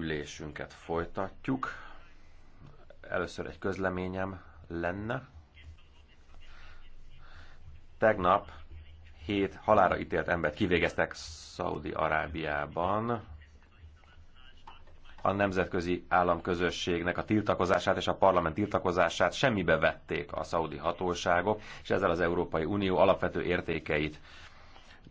ülésünket folytatjuk. Először egy közleményem lenne. Tegnap hét halára ítélt embert kivégeztek Szaudi-Arábiában. A nemzetközi államközösségnek a tiltakozását és a parlament tiltakozását semmibe vették a szaudi hatóságok, és ezzel az Európai Unió alapvető értékeit